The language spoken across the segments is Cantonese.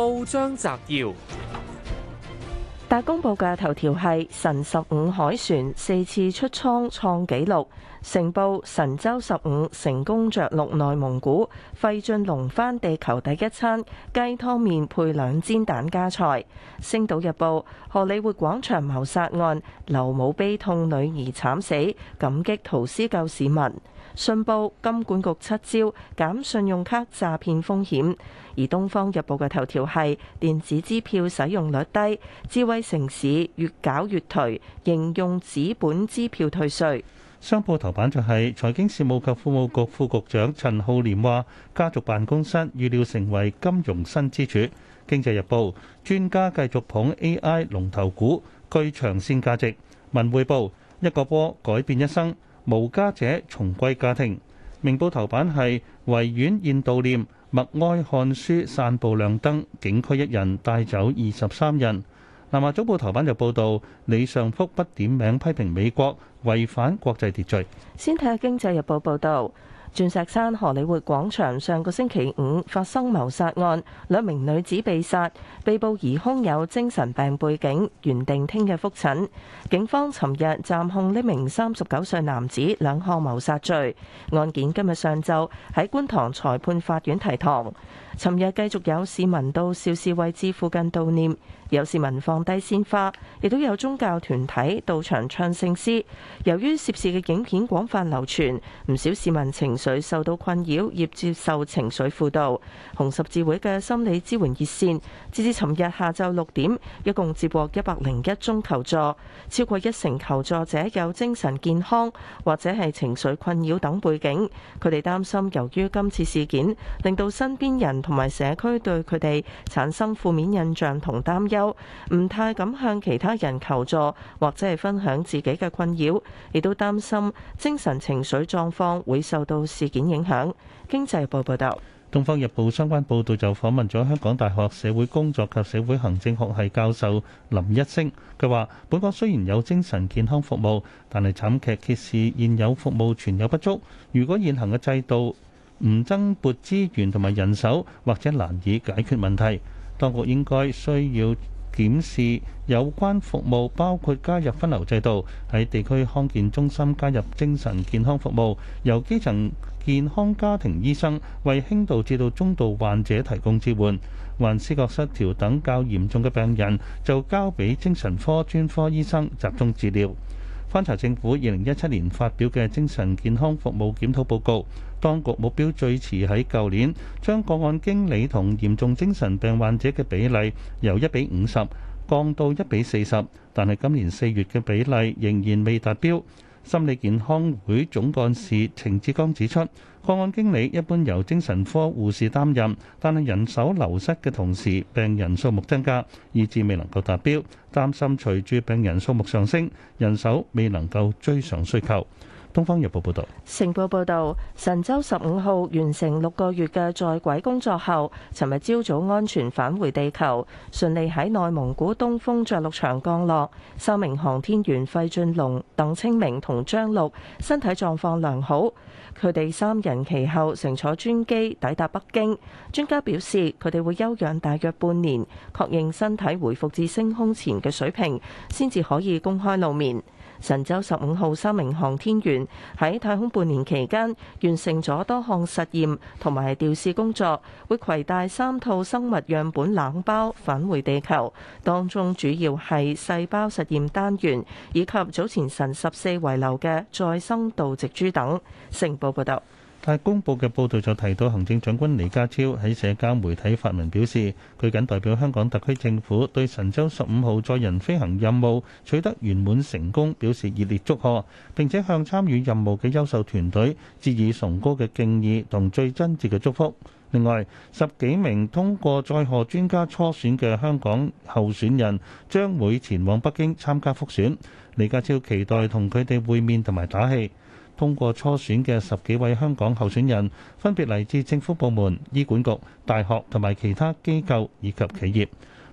報章摘要：大公報嘅頭條係神十五海船四次出倉創紀錄，成報神舟十五成功着陸內蒙古，費盡龍返地球第一餐雞湯麵配兩煎蛋加菜。星島日報：荷里活廣場謀殺案，劉母悲痛女兒慘死，感激屠師救市民。信報：金管局七招減信用卡詐騙風險。而《東方日報》嘅頭條係電子支票使用率低，智慧城市越搞越頹，仍用紙本支票退稅。商報頭版就係財經事務及庫務局副局長陳浩濂話：家族辦公室預料成為金融新支柱。《經濟日報》專家繼續捧 AI 龍頭股，具長線價值。《文匯報》一個波改變一生，無家者重歸家庭。《明報》頭版係維園現悼念。默哀、看書、散步亮燈、亮燈，景區一人帶走二十三人。南華早報頭版就報道，李尚福不點名批評美國違反國際秩序。先睇下經濟日報報導。鑽石山荷里活廣場上個星期五發生謀殺案，兩名女子被殺，被捕疑凶有精神病背景，原定聽日復診。警方尋日暫控呢名三十九歲男子兩項謀殺罪。案件今日上晝喺觀塘裁判法院提堂。尋日繼續有市民到肇事位置附近悼念。有市民放低鮮花，亦都有宗教團體到場唱聖詩。由於涉事嘅影片廣泛流傳，唔少市民情緒受到困擾，亦接受情緒輔導。紅十字會嘅心理支援熱線，截至尋日下晝六點，一共接獲一百零一宗求助，超過一成求助者有精神健康或者係情緒困擾等背景。佢哋擔心由於今次事件，令到身邊人同埋社區對佢哋產生負面印象同擔憂，唔太敢向其他人求助，或者係分享自己嘅困擾，亦都擔心精神情緒狀況會受到事件影響。經濟日報報道，東方日報相關報道就訪問咗香港大學社會工作及社會行政學系教授林一星，佢話：本港雖然有精神健康服務，但係慘劇揭示現有服務存有不足。如果現行嘅制度唔增撥資源同埋人手，或者難以解決問題。當局應該需要檢視有關服務，包括加入分流制度，喺地區康健中心加入精神健康服務，由基層健康家庭醫生為輕度至到中度患者提供支援，患思覺失調等較嚴重嘅病人，就交俾精神科專科醫生集中治療。翻查政府二零一七年發表嘅精神健康服務檢討報告，當局目標最遲喺舊年將個案經理同嚴重精神病患者嘅比例由一比五十降到一比四十，但係今年四月嘅比例仍然未達標。心理健康會總幹事程志剛指出，個案經理一般由精神科護士擔任，但係人手流失嘅同時，病人數目增加，以致未能夠達標，擔心隨住病人數目上升，人手未能夠追上需求。東方日報報道，成報報道，神舟十五號完成六個月嘅在軌工作後，尋日朝早安全返回地球，順利喺內蒙古東風着陸場降落。三名航天員費俊龍、鄧清明同張陸身體狀況良好，佢哋三人其後乘坐專機抵達北京。專家表示，佢哋會休養大約半年，確認身體恢復至升空前嘅水平，先至可以公開露面。神舟十五號三名航天員喺太空半年期間，完成咗多項實驗同埋調試工作，會攜帶三套生物樣本冷包返回地球，當中主要係細胞實驗單元以及早前神十四遺留嘅再生稻植株等。成報報道。但係公佈嘅報道就提到，行政長官李家超喺社交媒體發文表示，佢謹代表香港特區政府對神舟十五號載人飛行任務取得圓滿成功表示熱烈祝賀，並且向參與任務嘅優秀團隊致以崇高嘅敬意同最真摯嘅祝福。另外，十幾名通過載荷專家初選嘅香港候選人將會前往北京參加複選，李家超期待同佢哋會面同埋打氣。通過初選嘅十幾位香港候選人，分別嚟自政府部門、醫管局、大學同埋其他機構以及企業。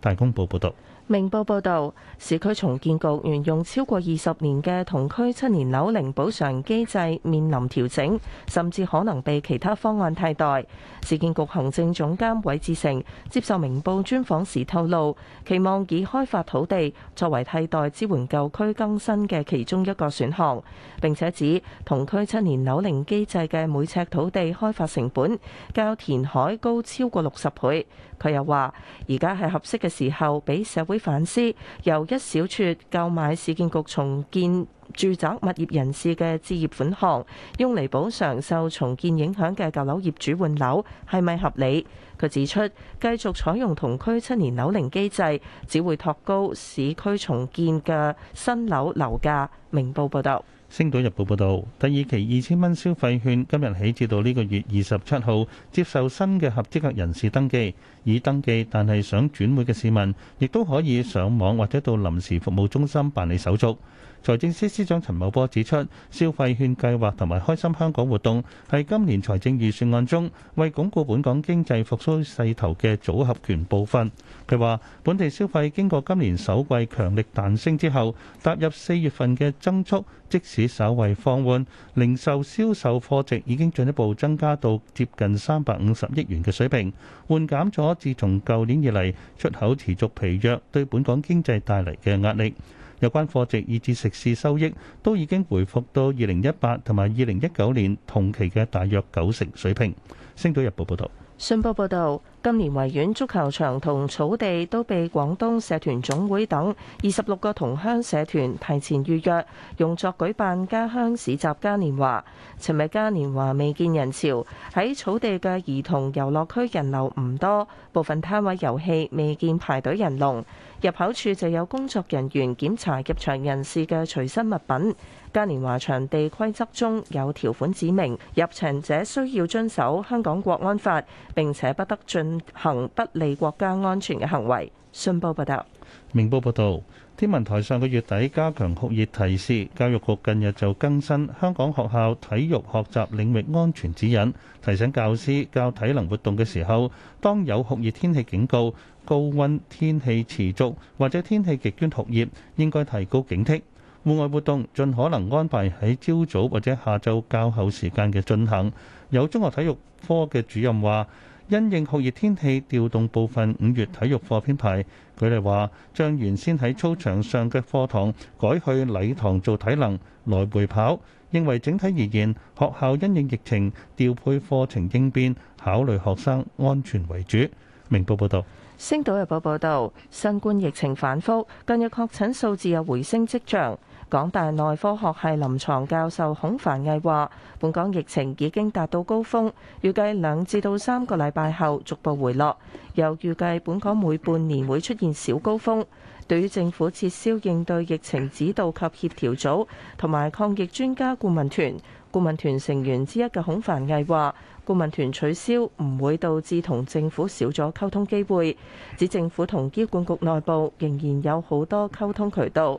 大公報報導。明報報道，市區重建局沿用超過二十年嘅同區七年樓齡補償機制，面臨調整，甚至可能被其他方案替代。市建局行政總監韋志成接受明報專訪時透露，期望以開發土地作為替代支援舊區更新嘅其中一個選項。並且指同區七年樓齡機制嘅每尺土地開發成本，較填海高超過六十倍。佢又話：而家係合適嘅時候，俾社會反思由一小撮購買市建局重建住宅物業人士嘅置業款項，用嚟補償受重建影響嘅舊樓業主換樓係咪合理？佢指出，繼續採用同區七年樓齡機制，只會托高市區重建嘅新樓樓價，明報報道。《星島日報》報導，第二期二千蚊消費券今日起至到呢個月二十七號接受新嘅合資格人士登記。已登記但係想轉會嘅市民，亦都可以上網或者到臨時服務中心辦理手續。財政司司長陳茂波指出，消費券計劃同埋《開心香港》活動係今年財政預算案中為鞏固本港經濟復甦勢頭嘅組合拳部分。佢話：本地消費經過今年首季強力彈升之後，踏入四月份嘅增速，即使稍為放緩，零售銷售貨值已經進一步增加到接近三百五十億元嘅水平，緩減咗自從舊年以嚟出口持續疲弱對本港經濟帶嚟嘅壓力。有關貨值以至食肆收益都已經回復到二零一八同埋二零一九年同期嘅大約九成水平。星島日報報道。信報報導，今年維園足球場同草地都被廣東社團總會等二十六個同鄉社團提前預約，用作舉辦家鄉市集嘉年華。尋日嘉年華未見人潮，喺草地嘅兒童遊樂區人流唔多，部分攤位遊戲未見排隊人龍。入口處就有工作人員檢查入場人士嘅隨身物品。嘉年華場地規則中有條款指明入場者需要遵守香港國安法，並且不得進行不利國家安全嘅行為。信報報道。明報報道，天文台上個月底加強酷熱提示，教育局近日就更新香港學校體育學習領域安全指引，提醒教師教體能活動嘅時候，當有酷熱天氣警告、高溫天氣持續或者天氣極端酷熱，應該提高警惕。戶外活動盡可能安排喺朝早或者下晝較後時間嘅進行。有中學體育科嘅主任話，因應酷熱天氣，調動部分五月體育課編排。佢哋話，將原先喺操場上嘅課堂改去禮堂做體能來回跑。認為整體而言，學校因應疫情調配課程應變，考慮學生安全為主。明報報道。《星島日報》報道，新冠疫情反覆，近日確診數字有回升跡象。港大內科學系臨床教授孔凡毅話：本港疫情已經達到高峰，預計兩至到三個禮拜後逐步回落。又預計本港每半年會出現小高峰。對於政府撤銷應對疫情指導及協調組同埋抗疫專家顧問團，顧問團成員之一嘅孔凡毅話：顧問團取消唔會導致同政府少咗溝通機會，指政府同醫管局內部仍然有好多溝通渠道。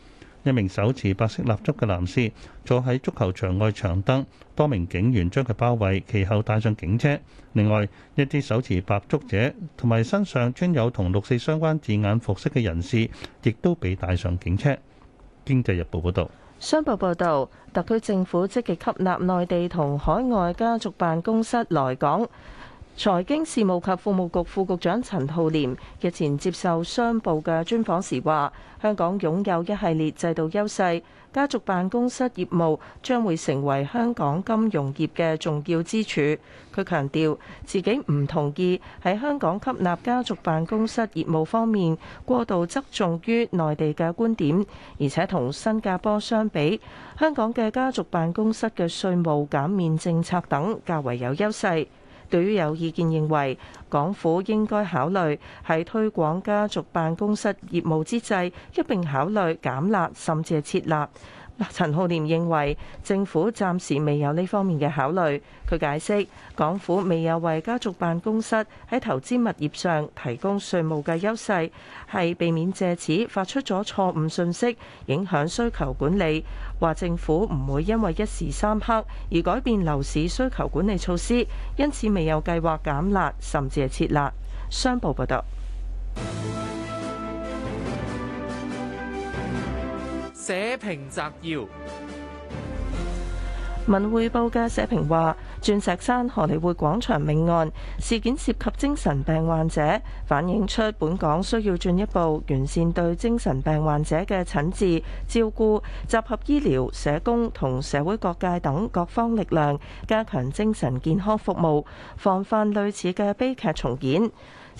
一名手持白色蠟燭嘅男士坐喺足球場外長凳，多名警員將佢包圍，其後帶上警車。另外，一啲手持白燭者同埋身上穿有同六四相關字眼服飾嘅人士，亦都被帶上警車。經濟日報報導，商報報導，特區政府積極吸納內地同海外家族辦公室來港。財經事務及庫務局副局長陳浩廉日前接受商報嘅專訪時話：香港擁有一系列制度優勢，家族辦公室業務將會成為香港金融業嘅重要支柱。佢強調自己唔同意喺香港吸納家族辦公室業務方面過度側重於內地嘅觀點，而且同新加坡相比，香港嘅家族辦公室嘅稅務減免政策等較為有優勢。對於有意見認為，港府應該考慮喺推廣家族辦公室業務之際，一並考慮減辣甚至係撤辣。陳浩濂認為政府暫時未有呢方面嘅考慮。佢解釋，港府未有為家族辦公室喺投資物業上提供稅務嘅優勢，係避免借此發出咗錯誤信息，影響需求管理。話政府唔會因為一時三刻而改變樓市需求管理措施，因此未有計劃減辣，甚至係撤辣。商報報道。社評摘要：文匯報嘅社評話，鑽石山荷里活廣場命案事件涉及精神病患者，反映出本港需要進一步完善對精神病患者嘅診治、照顧，集合醫療、社工同社會各界等各方力量，加強精神健康服務，防範類似嘅悲劇重演。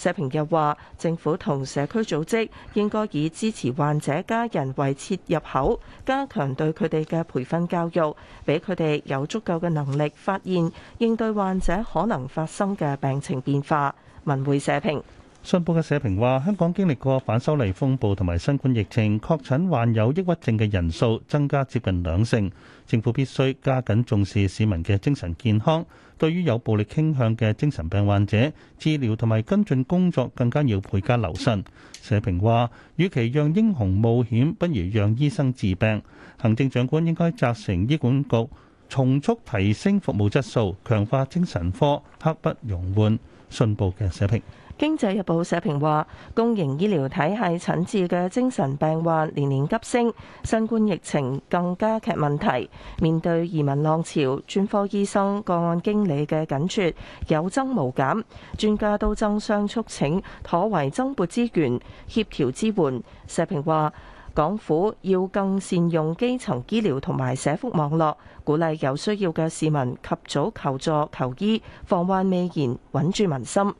社評又話，政府同社區組織應該以支持患者家人為切入口，加強對佢哋嘅培訓教育，俾佢哋有足夠嘅能力發現應對患者可能發生嘅病情變化。文匯社評。信報嘅社評話：香港經歷過反修例風暴同埋新冠疫情，確診患有抑鬱症嘅人數增加接近兩成。政府必須加緊重視市民嘅精神健康，對於有暴力傾向嘅精神病患者，治療同埋跟進工作更加要倍加留神。社評話：與其讓英雄冒險，不如讓醫生治病。行政長官應該責成醫管局從速提升服務質素，強化精神科，刻不容緩。信報嘅社評，《經濟日報》社評話：公營醫療體系診治嘅精神病患年年急升，新冠疫情更加劇問題。面對移民浪潮，專科醫生、個案經理嘅緊缺有增無減，專家都爭相促請，妥為增撥資源，協調支援。社評話。港府要更善用基層醫療同埋社福網絡，鼓勵有需要嘅市民及早求助求醫，防患未然，穩住民心。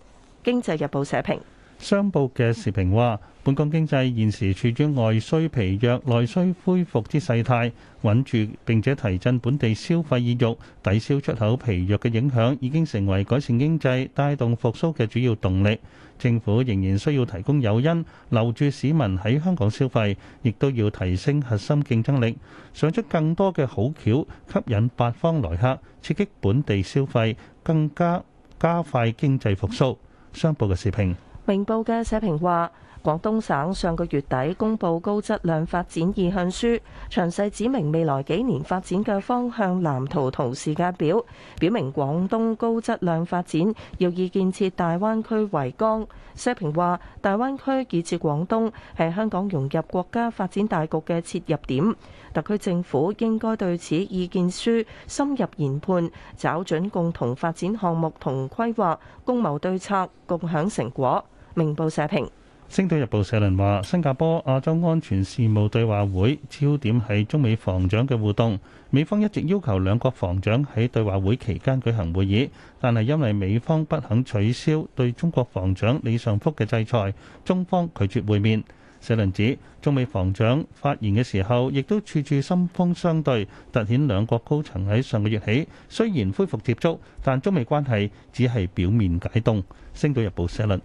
經濟日報社評。商報嘅時評話，本港經濟現時處於外需疲弱、內需恢復之勢態，穩住並且提振本地消費意欲，抵消出口疲弱嘅影響，已經成為改善經濟、帶動復甦嘅主要動力。政府仍然需要提供誘因，留住市民喺香港消費，亦都要提升核心競爭力，想出更多嘅好橋吸引八方來客，刺激本地消費，更加加快經濟復甦。商報嘅時評，明報嘅社評話。廣東省上個月底公布高質量發展意向書，詳細指明未來幾年發展嘅方向藍圖同時間表，表明廣東高質量發展要以建設大灣區為綱。社評話：大灣區以至廣東係香港融入國家發展大局嘅切入點，特區政府應該對此意見書深入研判，找準共同發展項目同規劃，共謀對策，共享成果。明報社評。星島日報社論話：新加坡亞洲安全事務對話會焦點係中美防長嘅互動。美方一直要求兩國防長喺對話會期間舉行會議，但係因為美方不肯取消對中國防長李尚福嘅制裁，中方拒絕會面。社論指，中美防長發言嘅時候，亦都處處針鋒相對，突顯兩國高層喺上個月起雖然恢復接觸，但中美關係只係表面解凍。星島日報社論。